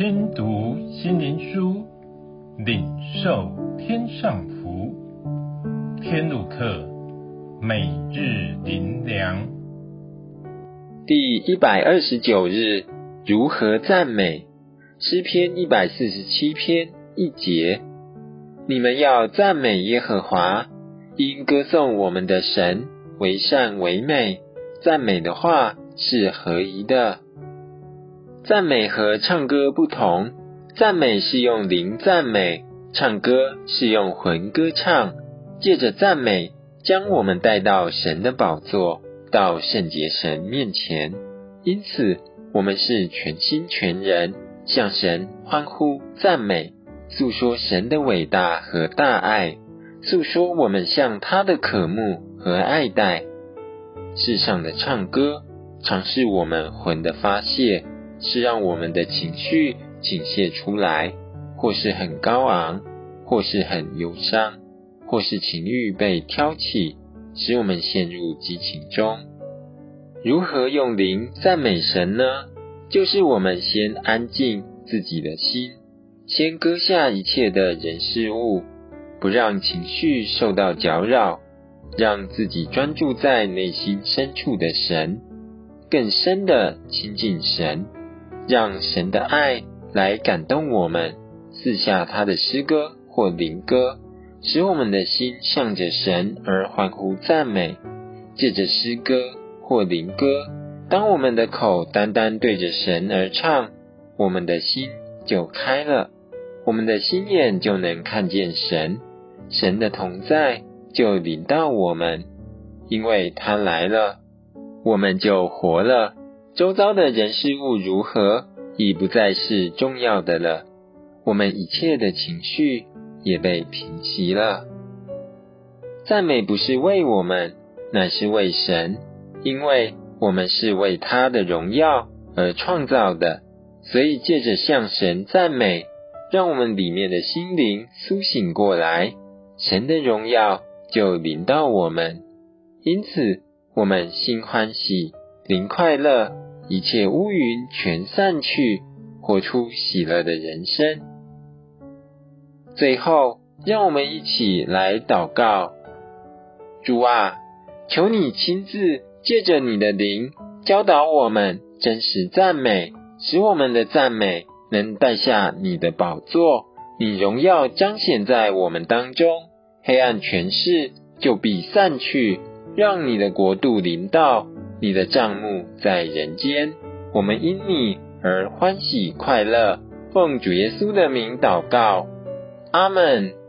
聽讀心靈書，領受天上福。天路客每日靈糧，第一百二十九日，如何讚美？詩篇一百四十七篇一節：你們要讚美耶和華，因歌頌我們的神為善為美。讚美的話是合宜的。讚美和唱歌不同，讚美是用靈讚美，唱歌是用魂歌唱。借着讚美，將我們帶到神的寶座，到聖潔神面前。因此，我們是全心全人，向神歡呼讚美，訴說神的偉大和大愛，訴說我們向他的渴慕和愛戴。世上的唱歌，常是我們魂的發洩。是讓我們的情緒傾瀉出來，或是很高昂，或是很憂傷，或是情慾被挑起，使我們陷入激情中。如何用靈讚美神呢？就是我們先安靜自己的心，先擱下一切的人事物，不讓情緒受到攪擾，讓自己專注在內心深處的神，更深的親近神。讓神的愛來感動我們，賜下他的詩歌或靈歌，使我們的心向着神而歡呼讚美。借着詩歌或靈歌，當我們的口單單對着神而唱，我們的心就開了，我們的心眼就能看見神，神的同在就臨到我們，因為他來了，我們就活了。周遭的人事物如何，已不再是重要的了。我們一切的情緒也被平息了。讚美不是為我們，乃是為神，因為我們是為他的榮耀而創造的，所以借着向神讚美，讓我們裡面的心靈甦醒過來，神的榮耀就臨到我們，因此我們心歡喜，靈快樂。一切烏雲全散去，活出喜樂的人生。最後，讓我們一起來禱告：主啊，求你親自借着你的靈教導我們真實讚美，使我們的讚美能帶下你的寶座，你榮耀彰顯在我們當中。黑暗權勢就必散去，讓你的國度臨到。你的帳幕在人間，我們因你而歡喜快樂。奉主耶穌的名禱告，阿門。